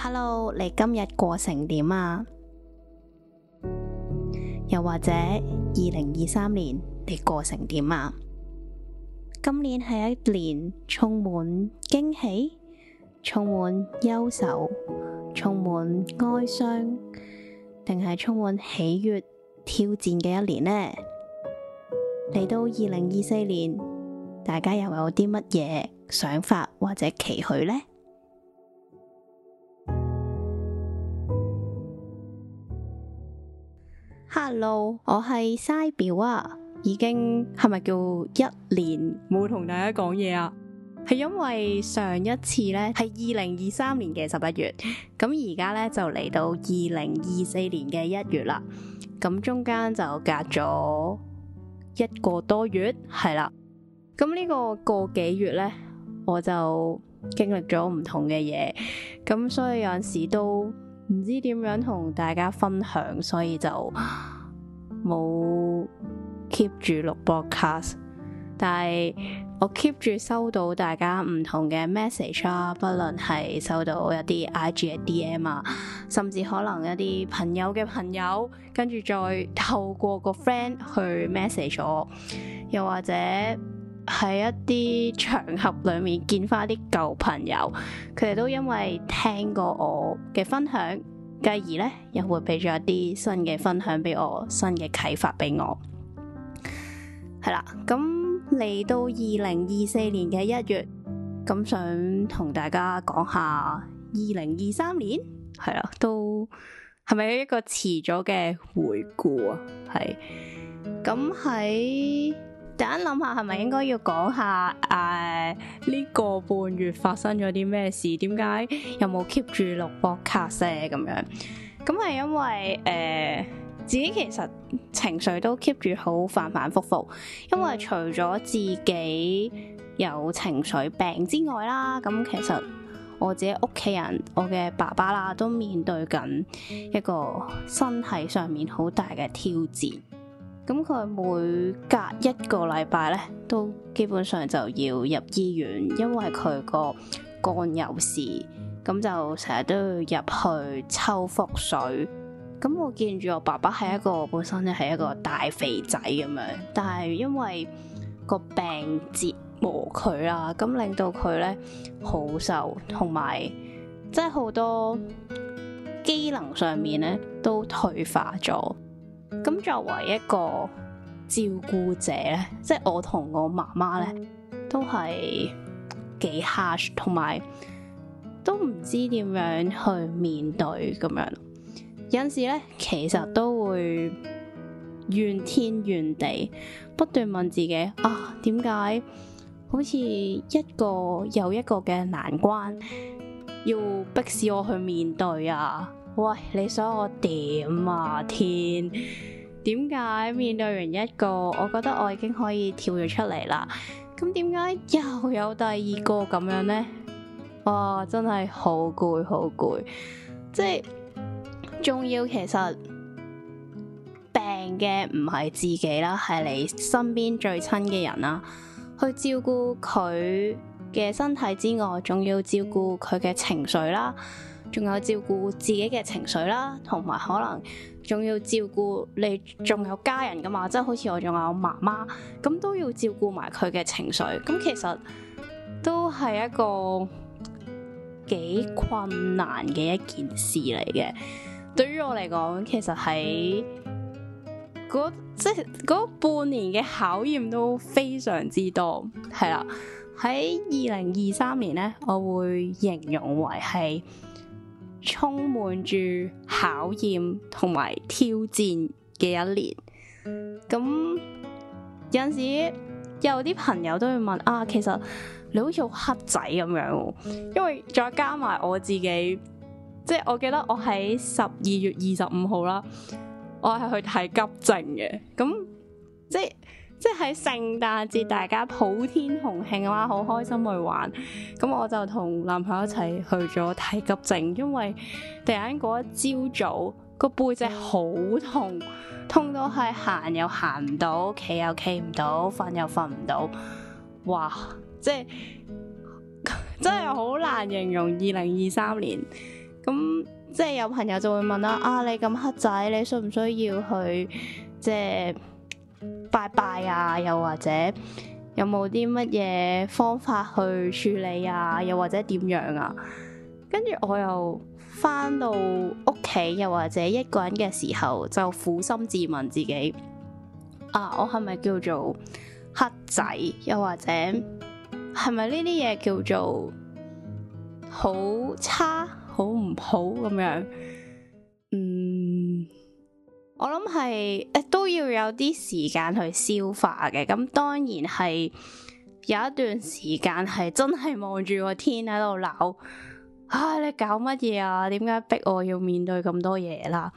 Hello，你今日過成點啊？又或者二零二三年你過成點啊？今年係一年充滿驚喜、充滿憂愁、充滿哀傷，定係充滿喜悦、挑戰嘅一年呢？嚟到二零二四年，大家又有啲乜嘢想法或者期許呢？Hello，我係 Sybil 啊，已經係咪叫一年冇同大家講嘢啊？係因為上一次呢，係二零二三年嘅十一月，咁而家呢就嚟到二零二四年嘅一月啦，咁中間就隔咗一個多月，係啦。咁呢個個幾月呢，我就經歷咗唔同嘅嘢，咁所以有陣時都唔知點樣同大家分享，所以就冇 keep 住錄 broadcast 但係我 keep 住收到大家唔同嘅 message 啦。不論係收到一啲 IG 嘅 DM 啊，甚至可能一啲朋友嘅朋友，跟住再透過個 friend 去 message 咗，又或者。喺一啲場合裏面見翻啲舊朋友，佢哋都因為聽過我嘅分享，繼而呢又會俾咗一啲新嘅分享俾我，新嘅啟發俾我。係啦，咁嚟到二零二四年嘅一月，咁想同大家講下二零二三年，係啦，都係咪一個遲咗嘅回顧啊？係咁喺。突然諗下，係咪應該要講下誒呢個半月發生咗啲咩事？點解有冇 keep 住錄博客啫？咁樣，咁係因為誒、呃、自己其實情緒都 keep 住好反反復復，因為除咗自己有情緒病之外啦，咁其實我自己屋企人，我嘅爸爸啦，都面對緊一個身體上面好大嘅挑戰。咁佢每隔一個禮拜咧，都基本上就要入醫院，因為佢個肝有事，咁就成日都要入去抽腹水。咁我見住我爸爸係一個本身咧係一個大肥仔咁樣，但係因為個病折磨佢啦，咁令到佢咧好瘦，同埋即係好多機能上面咧都退化咗。咁作為一個照顧者咧，即係我同我媽媽咧，都係幾 hurt，同埋都唔知點樣去面對咁樣。有陣時咧，其實都會怨天怨地，不斷問自己啊，點解好似一個又一個嘅難關要逼使我去面對啊？喂，你想我點啊？天，點解面對完一個，我覺得我已經可以跳咗出嚟啦？咁點解又有第二個咁樣呢？哇，真係好攰，好攰！即係，仲要其實病嘅唔係自己啦，係你身邊最親嘅人啦，去照顧佢嘅身體之外，仲要照顧佢嘅情緒啦。仲有照顧自己嘅情緒啦，同埋可能仲要照顧你，仲有家人㗎嘛，即係好似我仲有我媽媽，咁都要照顧埋佢嘅情緒。咁其實都係一個幾困難嘅一件事嚟嘅。對於我嚟講，其實喺嗰即係半年嘅考驗都非常之多，係啦。喺二零二三年呢，我會形容為係，充滿住考驗同埋挑戰嘅一年，咁有陣時有啲朋友都會問啊，其實你好似好黑仔咁樣，因為再加埋我自己，即係我記得我喺十二月二十五號啦，我係去睇急症嘅，咁即係。即係喺聖誕節，大家普天同慶嘅話，好開心去玩。咁我就同男朋友一齊去咗睇急症，因為突然間嗰一朝早個背脊好痛，痛到係行又行唔到，企又企唔到，瞓又瞓唔到。哇！即係 真係好難形容二零二三年。咁、嗯、即係有朋友就會問啦：嗯、啊，你咁黑仔，你需唔需要去即係？拜拜啊！又或者有冇啲乜嘢方法去處理啊？又或者點樣啊？跟住我又翻到屋企，又或者一個人嘅時候，就苦心自問自己：啊，我係咪叫做黑仔？又或者係咪呢啲嘢叫做好差、好唔好咁樣？我諗係誒都要有啲時間去消化嘅，咁當然係有一段時間係真係望住個天喺度鬧，唉，你搞乜嘢啊？點解逼我要面對咁多嘢啦？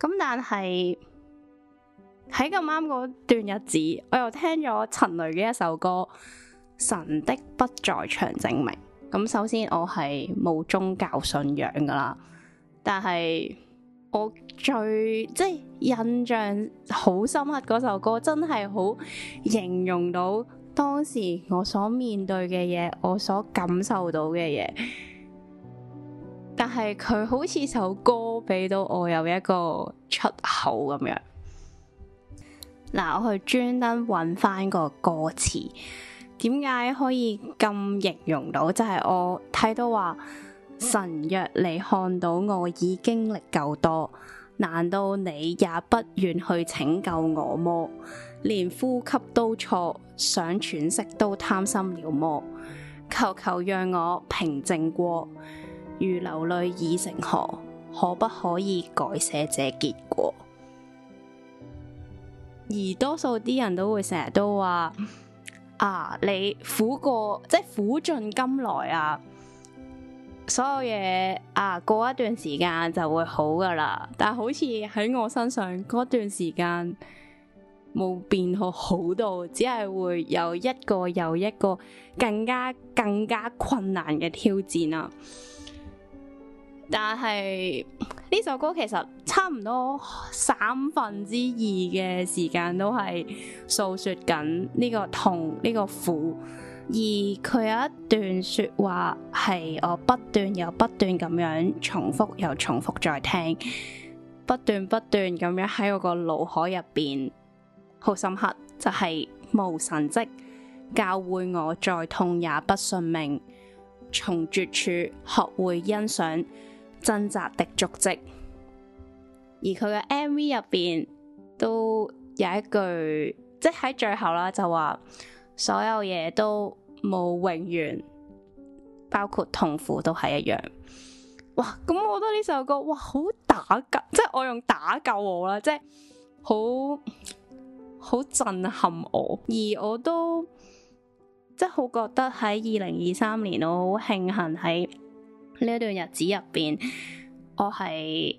咁但係喺咁啱嗰段日子，我又聽咗陳雷嘅一首歌《神的不在場證明》。咁首先我係冇宗教信仰噶啦，但係。我最即係印象好深刻嗰首歌，真係好形容到當時我所面對嘅嘢，我所感受到嘅嘢。但係佢好似首歌俾到我有一個出口咁樣。嗱，我去專登揾翻個歌詞，點解可以咁形容到？就係我睇到話。神若你看到我已經歷夠多，難道你也不願去拯救我麼？連呼吸都錯，想喘息都貪心了麼？求求讓我平靜過，如流淚已成河，可不可以改寫這結果？而多數啲人都會成日都話啊，你苦過，即苦盡甘來啊！所有嘢啊，過一段時間就會好噶啦。但係好似喺我身上嗰段時間，冇變好好多只係會有一個又一個更加更加困難嘅挑戰啊！但係呢首歌其實差唔多三分之二嘅時間都係訴說緊呢個痛，呢個苦。而佢有一段說話係我不斷又不斷咁樣重複又重複在聽，不斷不斷咁樣喺我個腦海入邊好深刻，就係、是、無神跡教會我再痛也不信命，從絕處學會欣賞掙扎的足跡。而佢嘅 MV 入邊都有一句，即喺最後啦，就話。所有嘢都冇永遠，包括痛苦都係一樣。哇！咁我覺得呢首歌哇，好打救，即係我用打救我啦，即係好好震撼我。而我都即係好覺得喺二零二三年，我好慶幸喺呢一段日子入邊，我係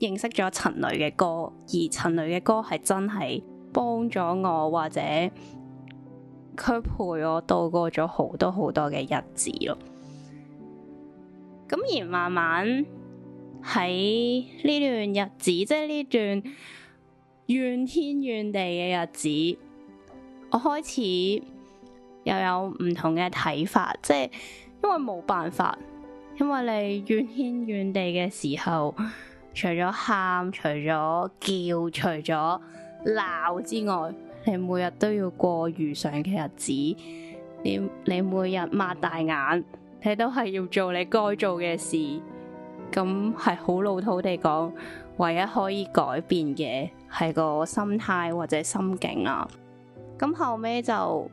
認識咗陳雷嘅歌，而陳雷嘅歌係真係幫咗我或者。佢陪我度過咗好多好多嘅日子咯，咁而慢慢喺呢段日子，即係呢段怨天怨地嘅日子，我開始又有唔同嘅睇法，即係因為冇辦法，因為你怨天怨地嘅時候，除咗喊，除咗叫，除咗鬧之外。你每日都要過如常嘅日子，你你每日擘大眼，你都係要做你該做嘅事，咁係好老土地講。唯一可以改變嘅係個心態或者心境啊。咁後尾就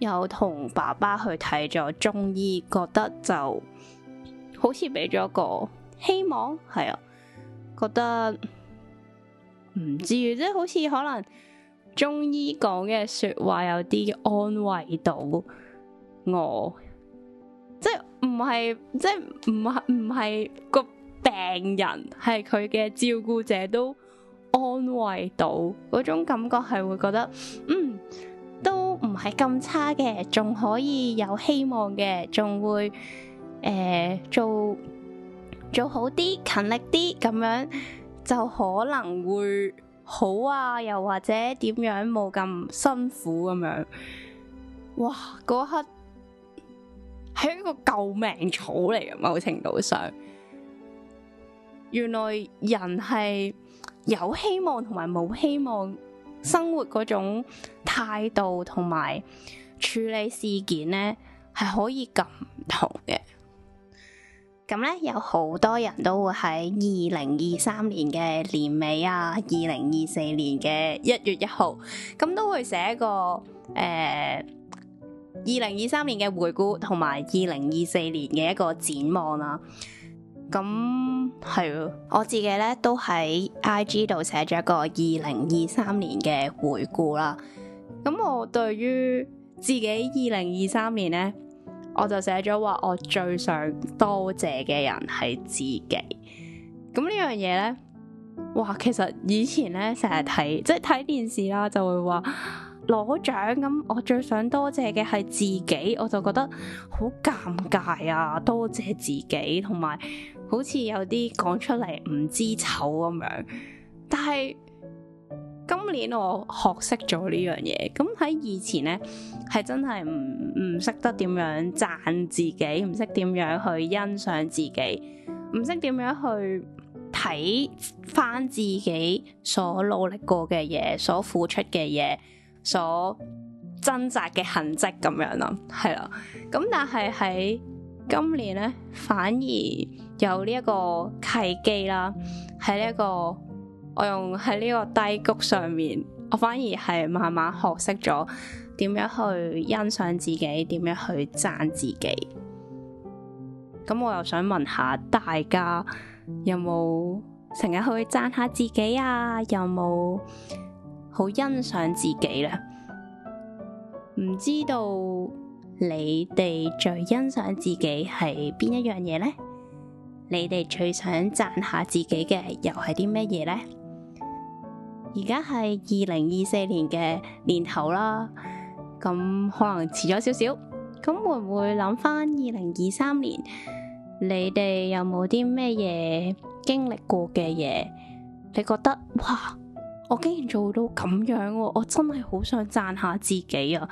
有同爸爸去睇咗中醫，覺得就好似俾咗個希望，係啊，覺得唔至於，即係好似可能。中醫講嘅說話有啲安慰到我，即係唔係，即係唔係唔係個病人，係佢嘅照顧者都安慰到，嗰種感覺，係會覺得，嗯，都唔係咁差嘅，仲可以有希望嘅，仲會誒、呃、做做好啲，勤力啲，咁樣就可能會。好啊，又或者點樣冇咁辛苦咁樣，哇！嗰刻係一個救命草嚟嘅，某程度上，原來人係有希望同埋冇希望生活嗰種態度同埋處理事件呢係可以咁唔同嘅。咁咧，有好多人都會喺二零二三年嘅年尾啊，二零二四年嘅一月一號，咁都會寫一個誒二零二三年嘅回顧，同埋二零二四年嘅一個展望啦。咁係啊，我自己咧都喺 IG 度寫咗一個二零二三年嘅回顧啦。咁我對於自己二零二三年咧。我就寫咗話，我最想多謝嘅人係自己。咁呢樣嘢呢？哇，其實以前咧成日睇，即係睇電視啦、啊，就會話攞獎。咁我最想多謝嘅係自己，我就覺得好尷尬啊，多謝自己，同埋好似有啲講出嚟，唔知醜咁樣。但係。今年我學識咗呢樣嘢，咁喺以前呢，係真係唔唔識得點樣讚自己，唔識點樣去欣賞自己，唔識點樣去睇返自己所努力過嘅嘢，所付出嘅嘢，所掙扎嘅痕跡咁樣咯，係啦。咁但係喺今年呢，反而有呢一個契機啦，喺呢一個。我用喺呢個低谷上面，我反而係慢慢學識咗點樣去欣賞自己，點樣去讚自己。咁我又想問下大家，有冇成日去讚下自己啊？有冇好欣賞自己呢？唔知道你哋最欣賞自己係邊一樣嘢呢？你哋最想讚下自己嘅又係啲咩嘢呢？而家係二零二四年嘅年頭啦，咁可能遲咗少少，咁會唔會諗翻二零二三年？你哋有冇啲咩嘢經歷過嘅嘢？你覺得，哇，我竟然做到咁樣喎，我真係好想讚下自己啊！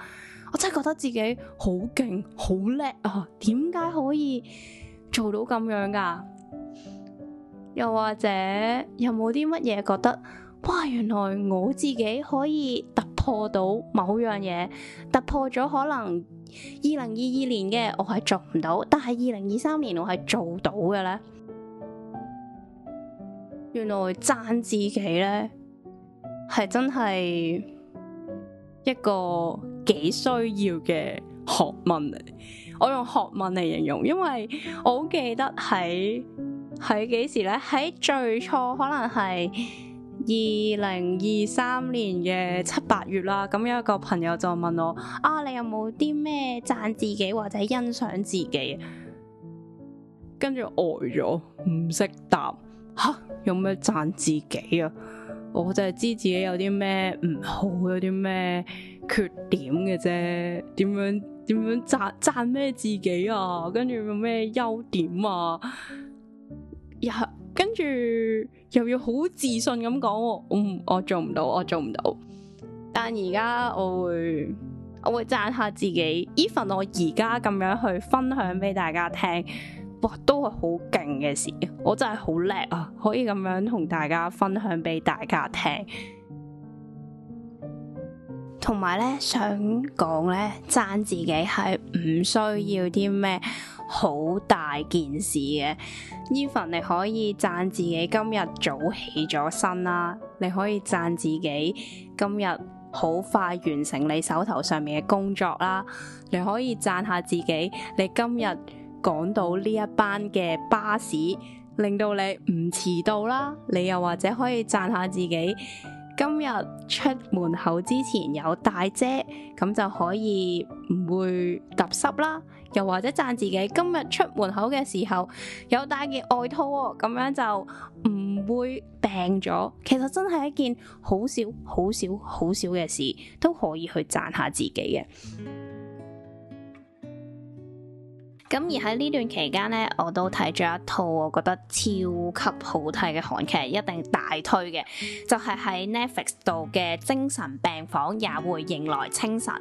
我真係覺得自己好勁、好叻啊！點解可以做到咁樣噶、啊？又或者，有冇啲乜嘢覺得？哇！原來我自己可以突破到某樣嘢，突破咗可能二零二二年嘅我係做唔到，但係二零二三年我係做到嘅咧。原來讚自己咧係真係一個幾需要嘅學問嚟，我用學問嚟形容，因為我好記得喺喺幾時咧，喺最初可能係，二零二三年嘅七八月啦，咁有一個朋友就問我：啊，你有冇啲咩讚自己或者欣賞自己？跟住呆咗，唔識答。吓，有咩讚自己啊？我就係知自己有啲咩唔好，有啲咩缺點嘅啫。點樣？點樣讚？讚咩自己啊？跟住有咩優點啊？Yeah. 跟住又要好自信咁講，我我做唔到，我做唔到。但而家我會我會讚下自己，even 我而家咁樣去分享俾大家聽，哇，都係好勁嘅事，我真係好叻啊！可以咁樣同大家分享俾大家聽。同埋咧，想講咧，讚自己係唔需要啲咩好大件事嘅。即使你可以讚自己今日早起咗身啦，你可以讚自己今日好快完成你手頭上面嘅工作啦，你可以讚下自己你今日趕到呢一班嘅巴士，令到你唔遲到啦。你又或者可以讚下自己。今日出門口之前有帶遮，咁就可以唔會淋濕啦。又或者讚自己今日出門口嘅時候有帶件外套，咁樣就唔會病咗。其實真係一件好少、好少、好少嘅事，都可以去讚下自己嘅。咁而喺呢段期間呢，我都睇咗一套我覺得超級好睇嘅韓劇，一定大推嘅，就係、是、喺 Netflix 度嘅《精神病房也會迎來清晨》。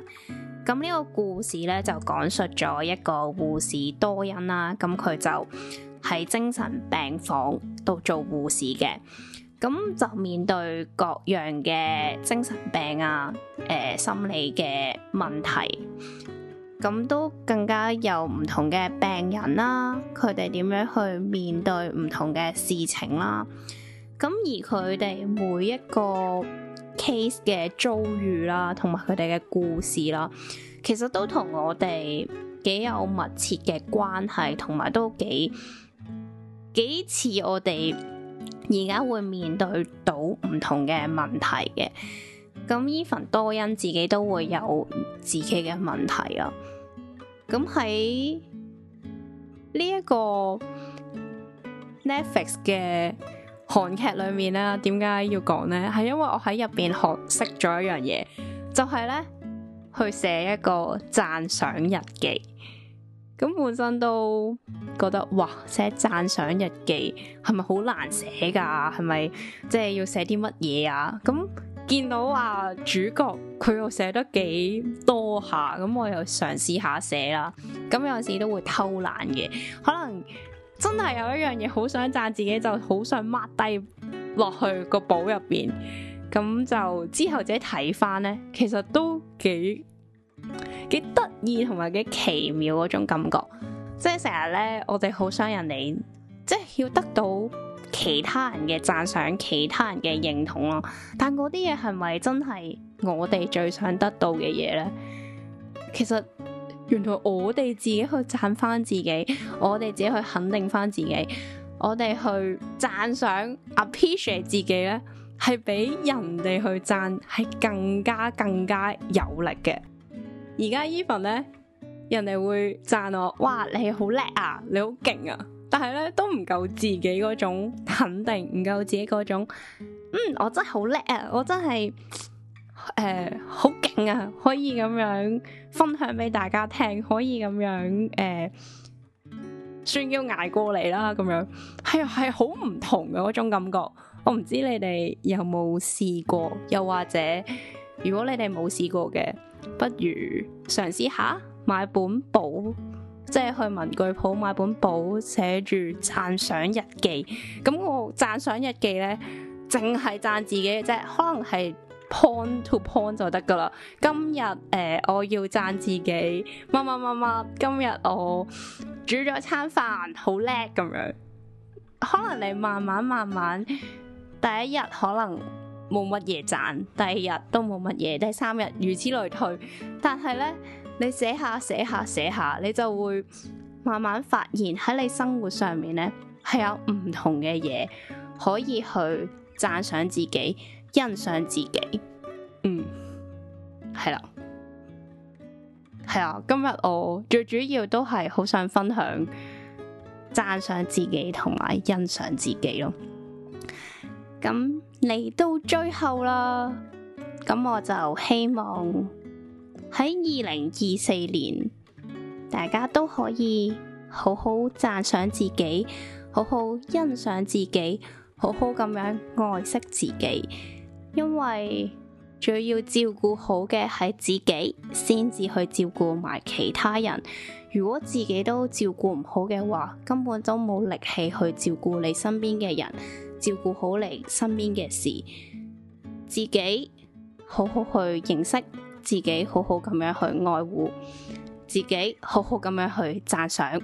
咁呢個故事呢，就講述咗一個護士多恩啦，咁佢就喺精神病房度做護士嘅，咁就面對各樣嘅精神病啊，誒、呃、心理嘅問題。咁都更加有唔同嘅病人啦，佢哋點樣去面對唔同嘅事情啦？咁而佢哋每一個 case 嘅遭遇啦，同埋佢哋嘅故事啦，其實都同我哋幾有密切嘅關係，同埋都幾幾似我哋而家會面對到唔同嘅問題嘅。咁 Even 多恩自己都會有自己嘅問題啊！咁喺呢一個 Netflix 嘅韓劇裏面呢，點解要講呢？係因為我喺入邊學識咗一樣嘢，就係呢：去寫一個讚賞日記。咁本身都覺得哇，寫讚,讚賞日記係咪好難寫噶？係咪即係要寫啲乜嘢啊？咁見到話、啊、主角佢又寫得幾多下，咁我又嘗試下寫啦。咁有時都會偷懶嘅，可能真係有一樣嘢好想讚自己，就好想抹低落去個簿入邊。咁就之後自己睇翻呢，其實都幾幾得意同埋幾奇妙嗰種感覺。即係成日呢，我哋好想人哋，即係要得到。其他人嘅讚賞，其他人嘅認同咯。但嗰啲嘢係咪真係我哋最想得到嘅嘢呢？其實原來我哋自己去讚翻自己，我哋自己去肯定翻自己，我哋去讚賞 appreciate 自己咧，係比人哋去讚係更加更加有力嘅。而家 even 咧，人哋會讚我，哇！你好叻啊，你好勁啊！但係咧，都唔夠自己嗰種肯定，唔夠自己嗰種，嗯，我真係好叻啊，我真係，誒、呃，好勁啊，可以咁樣分享俾大家聽，可以咁樣，誒、呃，算叫捱過嚟啦，咁樣係啊，係好唔同嘅嗰種感覺，我唔知你哋有冇試過？又或者如果你哋冇試過嘅，不如嘗試下買本簿。即係去文具鋪買本簿，寫住讚賞日記。咁我讚賞日記咧，淨係讚自己嘅啫。即可能係 point to point 就得噶啦。今日誒、呃，我要讚自己乜乜乜乜。今日我煮咗餐飯好叻咁樣。可能你慢慢慢慢，第一日可能冇乜嘢讚，第二日都冇乜嘢，第三日如此類推。但係咧，你寫下寫下寫下，你就會慢慢發現喺你生活上面咧，係有唔同嘅嘢可以去讚賞自己、欣賞自己。嗯，係啦，係啊。今日我最主要都係好想分享讚賞自己同埋欣賞自己咯。咁嚟到最後啦，咁我就希望。喺二零二四年，大家都可以好好讚賞自己，好好欣賞自己，好好咁樣愛惜自己。因為最要照顧好嘅係自己，先至去照顧埋其他人。如果自己都照顧唔好嘅話，根本都冇力氣去照顧你身邊嘅人，照顧好你身邊嘅事。自己好好去認識。自己好好咁樣去愛護自己，好好咁樣去讚賞。